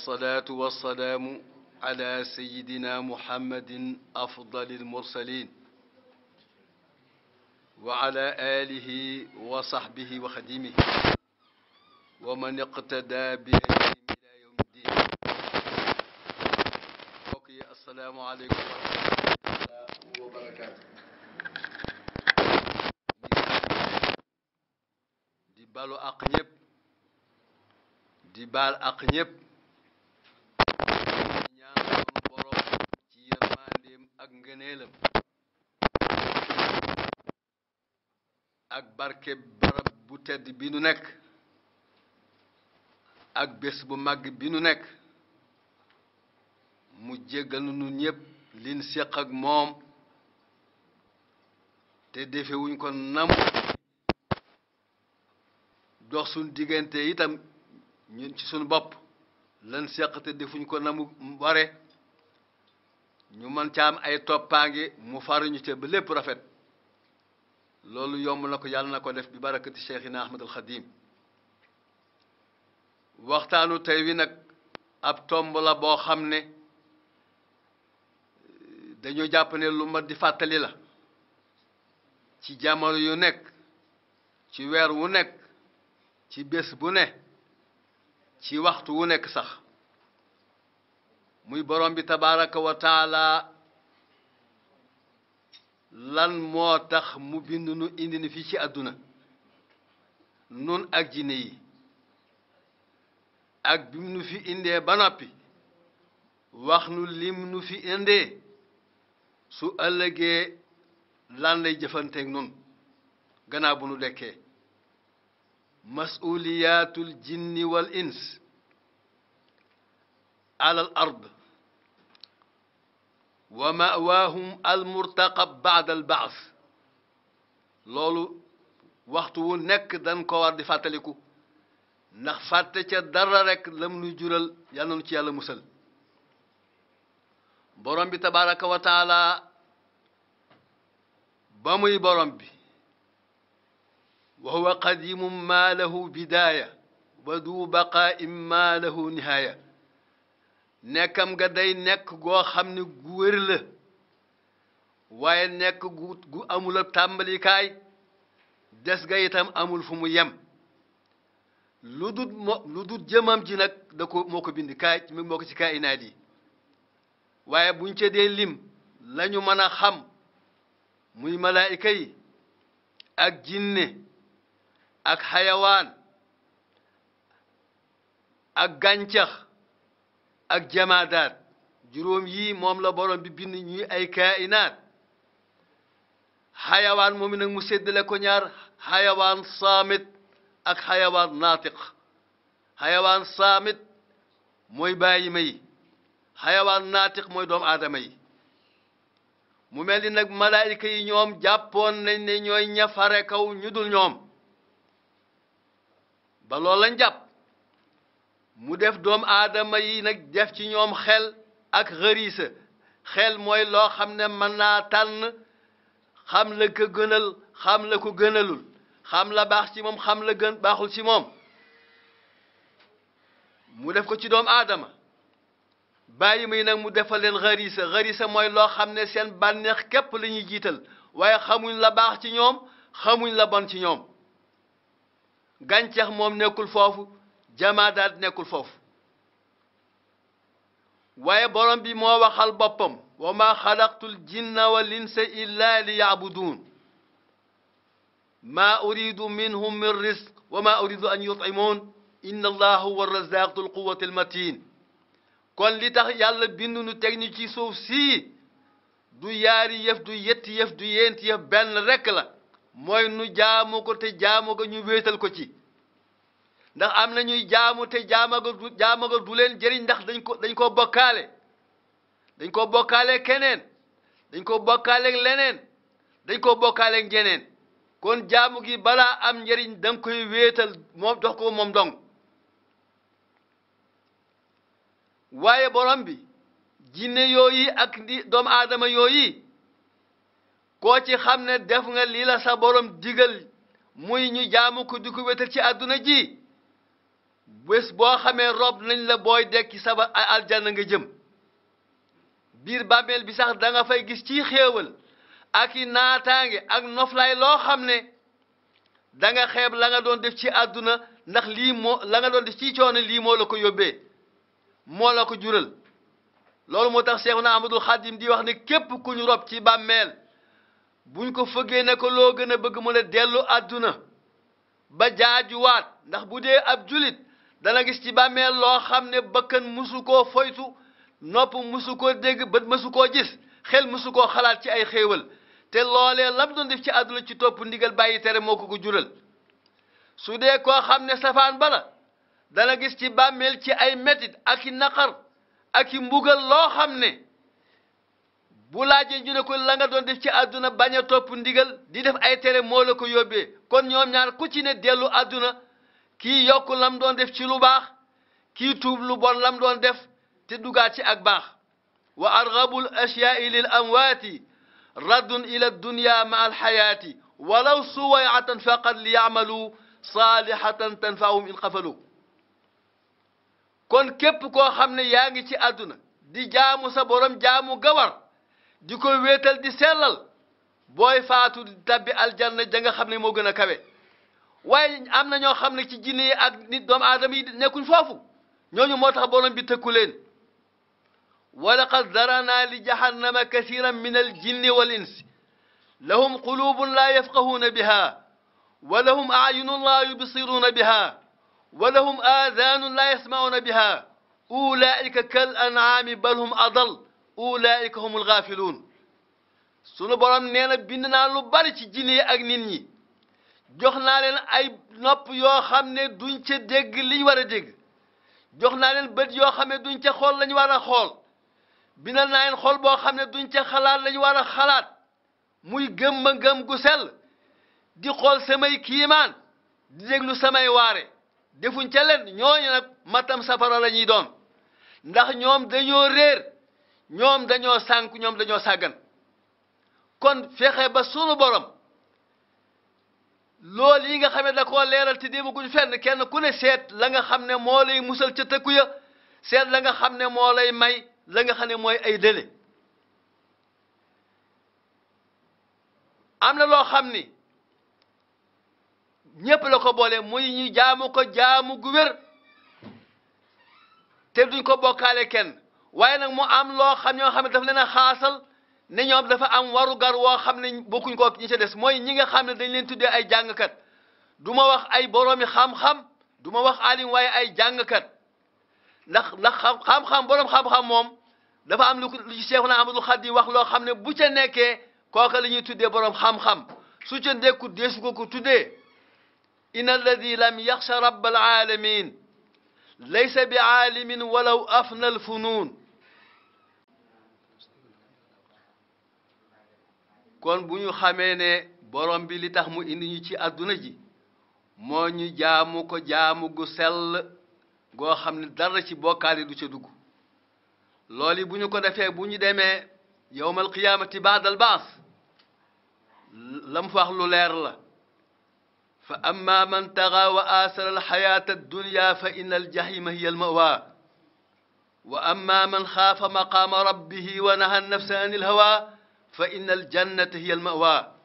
والصلاة والسلام على سيدنا محمد أفضل المرسلين وعلى آله وصحبه وخديمه ومن اقتدى بهديهم إلى يوم الدين السلام عليكم ورحمة الله وبركاته di balu ak ñëpp di ak ngëneelam ak barke barab bu tedd bi nu nekk ak bés bu màgg bi nu nekk mu jéggal nu ñépp liñ séq ak moom te defewuñ ko nam dox suñ diggante itam ñun ci suñu bopp lan séq te defuñ ko namu bare ñu mën caam ay toppaangi mu faruñu ca ba lépp rafet loolu yomb na ko yàlla na ko def bi barakati Cheikhina Ahmadul Xadim waxtaanu tey wi nag ab tomb la boo xam ne dañu jàpp ne lu mat di fàttali la ci jamono yu nekk ci weer wu nekk ci bés bu ne ci waxtu wu nekk sax muy borom bi tabaraka wa lan moo tax mu bind nu indi ni fii ci àdduna nun ak jinne yi ak bi nu fi indee ba noppi wax nu lim nu fi indee su ëllëgee lan lay jëfanteeg nun gannaaw bu nu dekkee masuliyatul jinni wal ins ala al wa mawaahum almurtaqab baad albaas loolu waxtu wu nekk dañ ko war di fàttaliku ndax fàtte ca dara rek lam nu jural yal na nu ci yàlla musal borom bi tabaraka wa taala ba muy borom bi wa huwa qadimu maa lahu bidaaya wa du baqaa in maa lahu nihaaya nekkam ga day nekk goo xam ne gu wér la waaye nekk gu gu amul ab tàmbalikaay des ga itam amul fu mu yem lu dut mo lu dut jëmam ji nag da ko moo ko bind kaay moo ko ci kaayinaat yi waaye buñ ca lim lañu mën a xam muy malaayika yi ak jinné ak xayawaan ak gàncax ak jamaadaat juróom yii moom la borom bi bind ñuy ay kaayinaat xayawaan moom nag mu séddale ko ñaar xayawaan saamit ak xayawaan naatiq xayawaan saamit mooy bàyyi ma xayawaan naatiq mooy doom aadama yi mu mel ni nag malaayika yi ñoom jàppoon nañ ne ñooy ñafare kaw ñu dul ñoom ba loolu lañ jàpp mu def doomu aadama yi nag def ci ñoom xel ak xëriisa xel mooy loo xam ne mën naa tànn xam la ko gënal xam la ko gënalul xam la baax ci moom xam la gën baaxul ci moom mu def ko ci doomu aadama bàyyi muy nag mu defal leen xëriisa xëriisa mooy loo xam ne seen bànneex képp la ñuy jiital waaye xamuñ la baax ci ñoom xamuñ la bon ci ñoom gàncax moom nekkul foofu jamaadaat nekkul foofu waaye borom bi moo waxal boppam wa ma xalaqtul jinna wal insa illa li yaabuduun ma uridu minhum min risq wa ma uridu an yutimoon inna allah huwa razaq dul quwati almatin kon li tax yàlla bindu nu teg ci suuf sii du yaari yëf du yetti yëf du yéenti yëf benn rekk mooy nu jaamu ko te jaamu ko ñu wéetal ko ci ndax am na ñuy jaamu te jaamaga du jaamaga du leen jëriñ ndax dañ ko dañ ko bokkaale dañ ko bokkaale keneen dañ ko bokkaale leneen dañ ko bokkaale jeneen kon jaamu ki balaa am njëriñ da nga koy wéetal moom dox ko moom dong waaye borom bi jinne yooyi ak di doomu aadama yooyi koo ci xam ne def nga lii la sa borom digal muy ñu jaamu ko di ko wéetal ci àdduna ji bés boo xamee rob nañ la booy dekki saba aljana nga jëm biir bàmmeel bi sax danga fay gis ci xéewal ak i naataange ak noflaay loo xam ne danga xeeb la nga doon def ci àdduna ndax lii moo la nga doon def ci lii moo la ko yóbbee moo la ko jural loolu moo tax na Ahmadul Xadim di wax ne képp ku ñu rob ci bàmmeel buñ ko fëggee ne ko loo gën a bëgg mu ne dellu àdduna ba jaajuwaat ndax bu dee ab julit dana gis ci bàmmeel loo xam ne bakkan musu koo foytu nopp musu koo dégg bët musu koo gis xel musu koo xalaat ci ay xéewal te loolee lam doon def ci topp ndigal bàyyi tere moo ko ko su dee koo xam ne safaan dana gis ci bàmmeel ci ay metit ak i naqar mbugal loo xam ne bu laajee ñu ne la nga doon def ci àdduna bañ a topp ndigal di def ay tere moo la ko yóbbee kon ñoom ñaar ku ci ne dellu àdduna kii yokk lam doon def ci lu baax kii tuub lu lam doon def te dugaat ak baax wa argabul ashyaai lil amwaati raddun ila dunya ma alxayaati walaw suwayatan faqad li yaamalu saalihatan tanfaahum in xafalu kon képp koo xam ne yaa ngi ci àdduna di jaamu sa borom jaamu gawar di ko wéetal di sellal booy faatu tabbi aljanna ja nga xam ne moo gën a kawe waaye am na ñoo xam ne ci jinne yi ak nit doomu aadama yi nekkuñ foofu ñooñu moo tax borom bi tëkku leen wa laqad daranaa li jahannama kasiran min al jinni wal insi lahum qulubun laa yafqahuuna biha wa lahum ayunun laa yubsiruuna biha wa lahum aazaanun laa yasma'uuna biha ulaa'ika kal an'aami bal hum adal ulaa'ika humul gaafiluun sunu borom nee na bind naa lu bari ci jinne yi ak nit ñi jox naa leen ay nopp yoo xam ne duñ ca dégg liñ war a dégg jox naa leen bët yoo xam ne duñ ca xool lañu war a xool bindal naa leen xool boo xam ne duñ ca xalaat lañu war a xalaat muy gëm gëm gu sel di xool samay kiimaan di déglu samay waare defuñ ca leen ñooñu nag matam safara la ñuy doon ndax ñoom dañoo réer ñoom dañoo sànk ñoom dañoo sàggan kon fexe ba sunu borom lool yi nga xam ne da koo leeral te demaguñ fenn kenn ku ne seet la nga xam ne moo lay musal ca tëkku ya seet la nga xam ne moo lay may la nga xam ne mooy ay dële am na loo xam ni ñëpp la ko boole muy ñu jaamu ko jaamu gu wér te duñ ko bokkaale kenn waaye nag mu am loo xam ñoo xam ne daf leen a xaasal ne ñoom dafa am warugar woo xam ne bokkuñ ko ak ñi ca des mooy ñi nga xam ne dañ leen tuddee ay jàngkat du ma wax ay boroomi xam-xam du ma wax alim waaye ay jàngkat ndax ndax xam-xam borom xam-xam moom dafa am lu lu ci Seexuna amadou Xaadim wax loo xam ne bu ca nekkee kooka la ñuy tuddee borom xam-xam su ca nekku deesu ko ko tuddee inna alladi lam yaxsha rabbal alamin laysa bi aalimin walaw afna al funuun kon buñu xamé ne borom bi li tax mu indi ñu ci aduna ji mo ñu jaamu ko jaamu gu sel go xam dara ci bokkaale du ci dugg loli buñu ko défé buñu démé yawmal qiyamati ba'd al ba's lam wax lu leer la fa amma man tagha wa al hayat ad dunya fa in al jahim hiya al mawa wa amma man khafa maqama rabbihi wa naha annafsa an ilhawa fa innal jannata hiya al mawa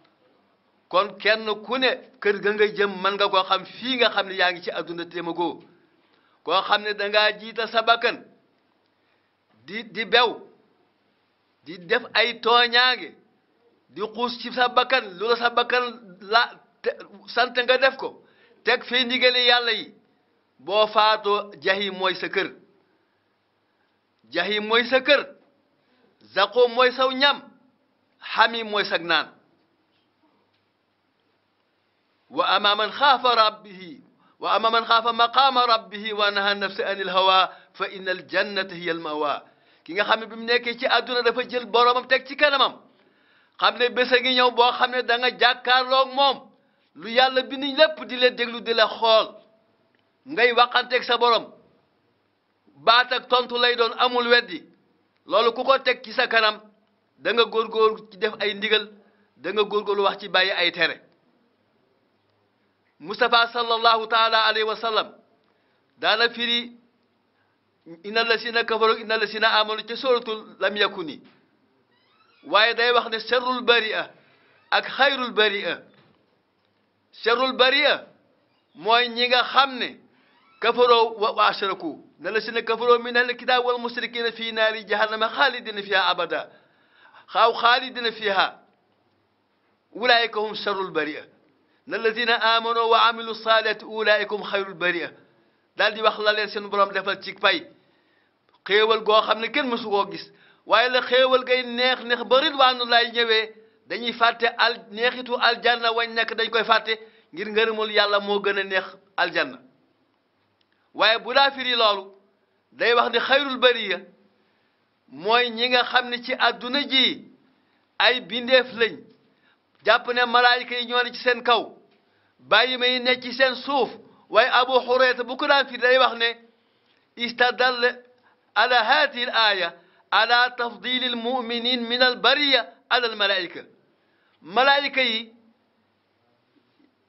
kon kenn ku ne kër ga nga jëm mën nga ko xam fii nga xam ne yaa ngi ci adduna ko koo xam ne danga jiita sa bakkan di di bew di def ay tooñaange di xuus ci sa bakkan lu la sa bakkan la sant nga def ko teg fii ndigali yàlla yi boo faatoo jahi mooy sa kër jahi mooy sa kër zaqo mooy saw ñam حمي mooy sag واما من خاف ربه واما rabbihi خاف مقام ربه ونهى النفس rabbihi الهوى فان الجنه هي الماوى كيغا خامي بيم نيكي سي ادونا دا mawa جيل بوروم تك سي كانامم خامني بيسغي ci بو خامني jël boromam teg ci kanamam xam ne bés lu yàlla lépp di déglu di la ngay waxanteeg sa borom baat ak tontu lay doon amul weddi loolu ku ko teg ci sa kanam da nga gor ci def ay ndigal da nga gor wax ci baye ay tere mustafa sallallahu taala alayhi wa sallam daana firi inna lasina kafaru inna lasina amanu ci suratul lam yakuni waye day wax ne sharrul baria ak khairul baria sharrul baria moy ñi nga xamne kafaro wa ashraku nalasina kafaro min ahli kitab wal musrikina fi nari jahannam khalidina fiha abada أو خالدين فيها أولئك هم شر البرية الذين آمنوا وعملوا الصالحات أولئك هم خير البرية daal di wax la leen seen borom defal ci pay xéewal goo xam ne kenn mësu koo gis waaye la xéewal gay neex neex ba ridwaanu lay ñëwee dañuy fàtte al neexitu aljanna wañ nekk dañ koy fàtte ngir ngërëmul yàlla moo gën a neex aljanna waaye bu daa firi day wax ne xayrul bariya moy ñi nga xamni ci aduna ji ay bindef lañ jàpp ne malaika yi ñoo ci seen kaw bàyyi may ne ci seen suuf way abu hurayta bu ko daan fi day wax ne istadal ala hati al aya ala tafdil al muminin min al bariya ala al malaika malaika yi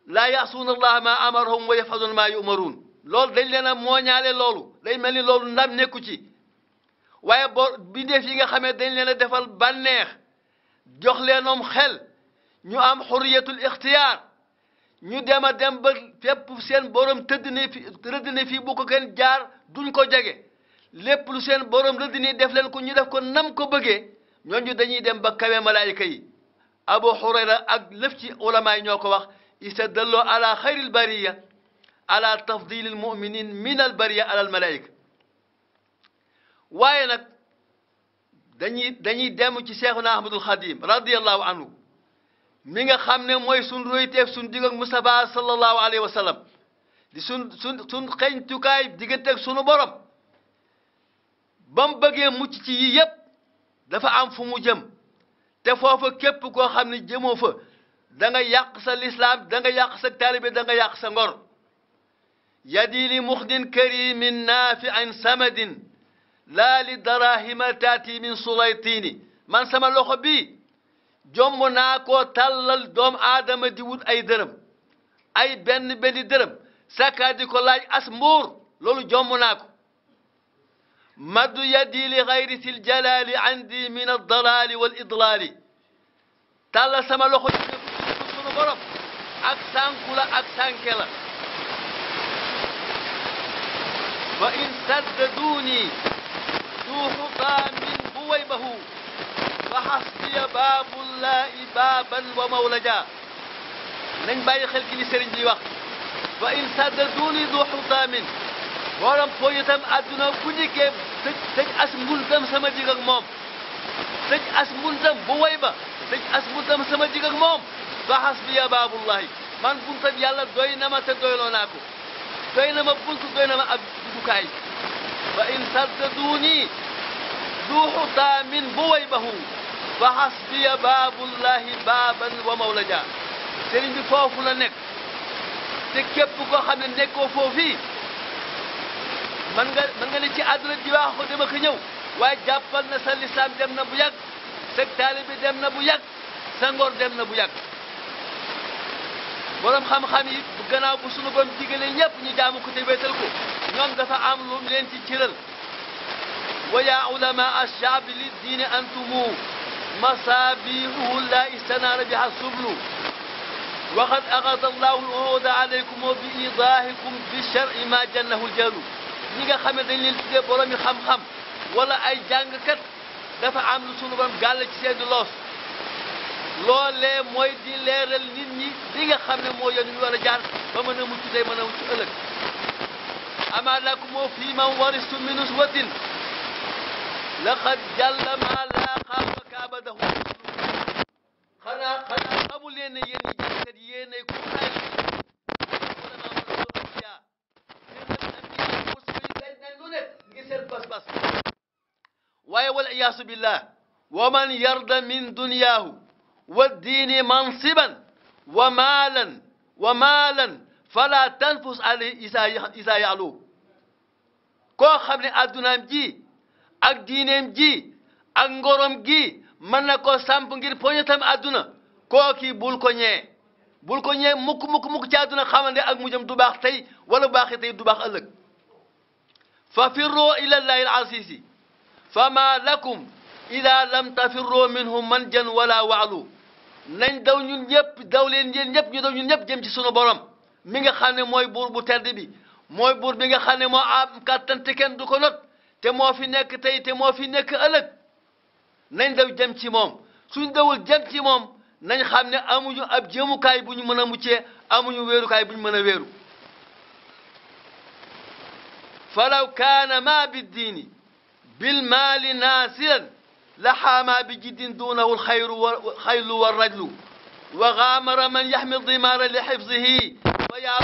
la yaasuuna allaha ma amarhum wa yafaluuna ma yumarun lol dañ leena moñale lolou loolu day mel ni ndam neeku ci waaye boo bindeef yi nga xamee dañ leen a defal bànneex jox leenoom xel ñu am xurriyatul ixtiyaar ñu dem a dem ba fépp seen borom tëdd ne fi rëdd ne fii bu ko kenn jaar duñ ko jege lépp lu seen borom rëdd ne def leen ko ñu def ko nam ko bëggee ñooñu dañuy dem ba kawe malaayika yi abu xurayra ak lëf ci ulama yi ñoo ko wax istadalloo ala xayril bariya ala tafdilil muminin min al bariya ala al malaayika waye nak dañuy dañuy dem ci Seexuna Ahmadul khadim radiyallahu anhu mi nga xamne moy mooy sun royteef sun digal musaba sallallahu alayhi wa sallam di sun sun sun tukay diggante ak sunu borom bam beugé mucc ci yi yeb dafa am fu mu jëm te fofu kep ko xamne jëmo fa da nga yàq sa l'islam da nga yàq sa talibé da nga yàq sa ngor yadili muxdin karimin naafi'in samadin لا للدراهم تاتي من سليطين من سما لوخو بي جوم ناكو تالال دوم ادم دي وود اي درم اي بن بن درم ساكا دي كولاج اسمور لولو جوم ناكو مد يدي لغير الجلال عندي من الضلال والاضلال تالا سما لوخو سونو بروم اك سانكولا اك سانكيلا وان سددوني يوسف من بويبه فحسبي باب الله بابا ومولجا nañ bàyyi xel ki li sëriñ bi wax wa in saddaduuni du xutaamin borom po itam àdduna bu ñikkee tëj tëj as mbuntam sama digg ak moom tëj as mbuntam bu way ba as mbuntam sama digg ak moom fa xasbiya baabullahi man buntam yàlla doy na ma te doyloo naa ko doy na ma bunt doy na ma ab dugukaay فإن صدقوني ذو حطام بويبه فحسبي باب الله بابا ومولجا sëriñ bi foofu la nekk te képp koo xam ne nekkoo foofii man nga man nga ne ci àdduna ji wax ko dem ak ñëw waaye jàppal na sa lislaam dem na bu yàgg sa taalibe dem na bu yàgg sa ngor dem na bu yàgg borom xam-xam yi gannaaw bu sunu bam digalee ñëpp ñu jaamu ko te ko ñoom dafa am lu mu leen ci cëral wa ya ulama ashaabi li diine antumu masaabihu la istanaara biha sublu waqad aqada allahu al-uhuda alaykum bi idahikum bi shar'i ma jannahu jahlu ñi nga xam dañ leen tuddee boromi xam-xam wala ay jàngkat dafa am lu sunu bam gàll ci seen loos loolee mooy di leeral nit ñi li nga xam ne moo yoon ñu war a jaar ba mën a mucc tey mën a mucc ëllëg ama lakum moo fii man waristu min uswatin laqad jàlla ma laaqa wa kaabadahu xanaa xanaa xamu leen ne yéen ñi jàngkat yéenay ku ay wal iyaasu billah wa man yarda min duniyaahu والدين منصبا ومالا ومالا فلا تنفس عليه isa yàllu koo xam ne addunaam ji ak diineem ji ak ngorom gi mën na ko samp ngir poñetam adduna kooki bul ko ñee bul ko ñee mukk mukk mukk ci adduna xamande ak mujjam du baax tey wala baaxee tey du baax ëllëg fa firroo ila llahi al-azizi fama lakum ida lam tafirroo minhu manjan wala waalu nañ daw ñun ñëpp daw leen yéen ñëpp ñu daw ñun ñëpp jëm ci sunu borom mi nga xam ne mooy buur bu tedd bi mooy buur bi nga xam ne moo am kàttan du ko not te moo fi nekk tey te moo fi nekk ëllëg nañ daw jëm ci moom suñ dawul jëm ci moom nañ xam ne amuñu ab jëmukaay bu ñu mën a muccee amuñu wéerukaay bu ñu mën a wéeru falaw kaana ma bi diini bil maali naasiran لحى ما بجد دونه الخير والخيل والرجل وغامر من يحمي الضمار لحفظه ويا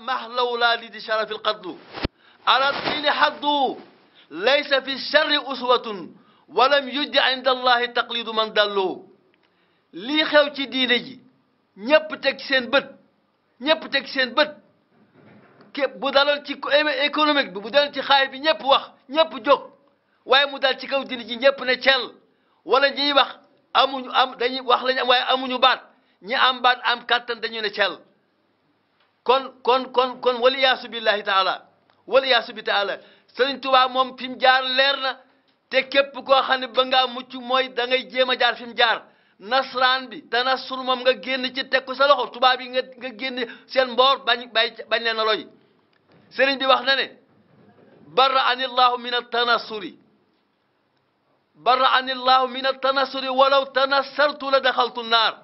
مهل أولاد شرف القتل على الطين حظ ليس في الشر أسوة ولم يجد عند الله تقليد من دلو لي خوتي ديني نيب تك سين بت نيب تك سين بت كي بودالو ايكونوميك بودالو تي خايب نيب واخ نيب جوك waaye mu dal ci kaw diine ji ñëpp ne cel wala ñiy wax amuñu am dañuy wax lañu am amuñu baat ñi am baat am kattan dañu ne cel kon kon kon kon wal iyaasu billahi taala wal iyaasu bi taala sëriñ tubaa moom fi mu jaar leer na te képp koo xam ne ba ngaa mucc mooy da ngay jéem a jaar fi mu jaar nasraan bi te nasru moom nga génn ci tekku sa loxo tubaab yi nga nga génn seen mboor bañ bay bañ leen a loy sëriñ bi wax na ne barra anillahu min at tanasuri barra anillahu min at-tanassuri walaw tanassartu la daxaltu naar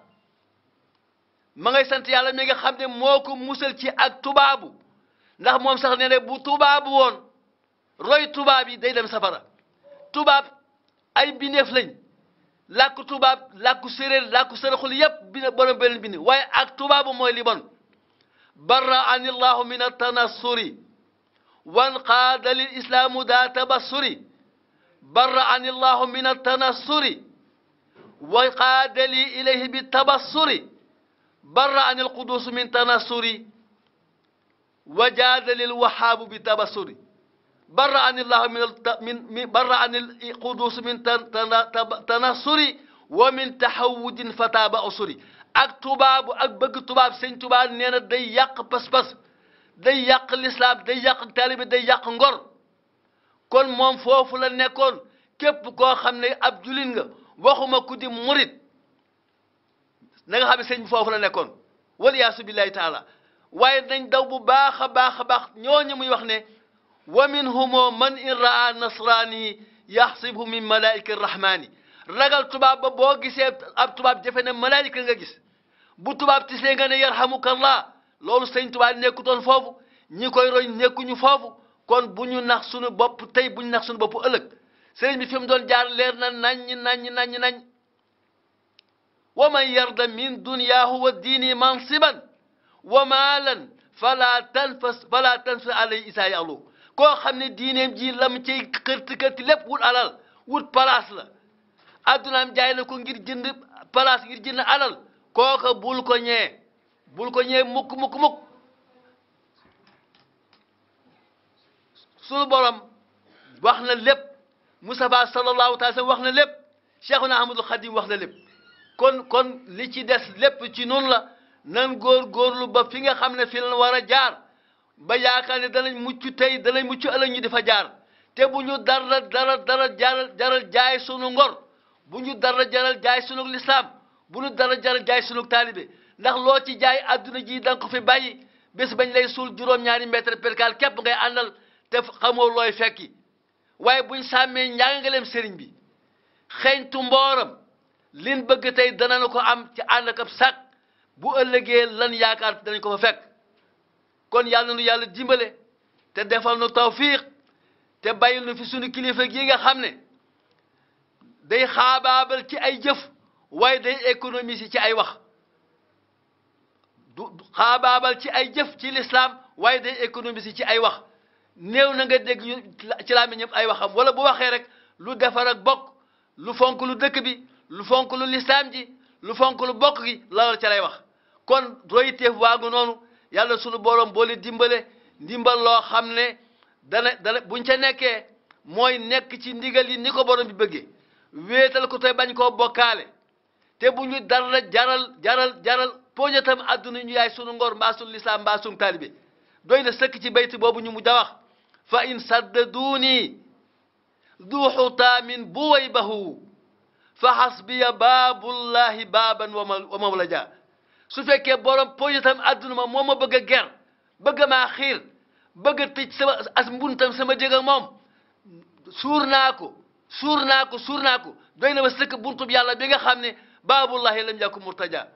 ma ngay sant yàlla mi nga xam ne moo ko musal ci ak tubaabu ndax moom sax nee ne bu tubaabu woon roy tubaab yi day dem safara tubaab ay bindeef lañ làkku tubaab làkku séréer làkku saraxul yépp bine borom beneen bindi waaye ak tubaabu mooy li bon barra anillahu min at-tanassuri wan qaada lil islaamu daa tabassuri برأني الله من التنصر وقاد لي إليه بالتبصر برأني القدوس من تنصر وجاد للوهاب بتبصر برأني الله من من برأني القدوس من تنصر ومن تحود فتاب أسري ak أكبر تباب bëgg tubaab sëñ tubaab nee بس day yàq pas-pas day yàq lislaam day yàq kon moom foofu la nekkoon képp ko xam ne ab julin nga waxuma ku di murit na nga xam ne sëñ bi foofu la nekkoon wala yaasu billahi taala waaye dañ daw bu baax a baax a baax ñooñu muy wax ne wa minhumoo man in raa nasraani yaxsibhu min malaika rahmaani ragal tubaab ba boo gisee ab tubaab jafe ne malaayika nga gis bu tubaab tisee nga ne yarhamukallah loolu sëñ tubaab nekkutoon foofu ñi koy roñ nekkuñu foofu kon bu ñu nax suñu bopp tey bu ñu nax suñu bopp ëllëg sëriñ bi fi mu doon jaar leer na naññ naññ naññ nañ wa man yarda min duniyaahu wa diini mansiban wa maalan fala tanfas fala tanfas alay isaa yàllu koo xam ne diineem ji lam cay xërti xërti lépp wut alal wut palaas la addunaam jaay na ko ngir jënd palaas ngir jënd alal kooka bul ko ñee bul ko ñee mukk mukk mukk sunu borom wax na lépp Moustapha sallallahu taala wax na lépp Cheikhuna Ahmadul Khadim wax na lépp kon kon li ci des lépp ci noonu la nan góor lu ba fi nga xam ne fi lan war a jaar ba yaakaar danañ mucc tey danañ mucc ëllëg ñu di fa jaar te bu ñu dara dara dara jaral jaral jaay sunu ngor bu ñu dara jaral jaay sunu lislaam bu ñu dara jaral jaay sunu taalibe ndax loo ci jaay adduna ji da nga ko fi bàyyi bés bañ lay suul juróom-ñaari mètre percal képp ngay àndal te xamoo looy fekki waaye buñ sàmmee njàngaleem sëriñ bi xeeñtu mbooram lin bëgg tey dana na ko am ci ànd ak ab bu ëllëgee lan yaakaar danañ ko fa fekk kon yàlla nu yàlla dimbale te defal nu tawfiq te bàyyil nu fi sunu kilifa gi nga xam ne day xaabaabal ci ay jëf waaye day économie si ci ay wax du xaabaabal ci ay jëf ci lislaam waaye day économie si ci ay wax néew na nga dégg ci laami ñëpp ay waxam wala bu waxee rek lu defar ak bokk lu fonk lu dëkk bi lu fonk lu lislaam ji lu fonk lu bokk gi lalool ca lay wax kon royiteef waagu noonu yàlla sunu borom boole dimbale ndimbal loo xam ne dana dana buñ ca nekkee mooy nekk ci ndigal yi ni ko borom bi bëggee wéetal ko tey bañ koo bokkaale te bu ñu dara jaral jaral jaral poñatam àdduna ñu yaay sunu ngor mbaa sunu lislaam mbaa sunu taalibe doy na sëkk ci baytu boobu ñu mu jawax fa in saddaduuni du xutaamin buwaybahu fa xasbiya baabullahi baaban wa mawlaja su fekkee borom poñitam adduna ma moo ma bëgg a ger bëgg maa xiir bëgg a tëj sama as mbuntam sama jég ak moom suur naa ko suur naa ko suur naa ko doy na ma sëkk buntub yàlla bi nga xam ne baabullahi lam yàkku murtaja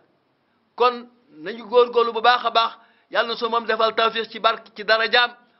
kon nañu góorgóorlu bu baax a baax yàlla na soo moom defal tawfiq ci barke ci dara jaam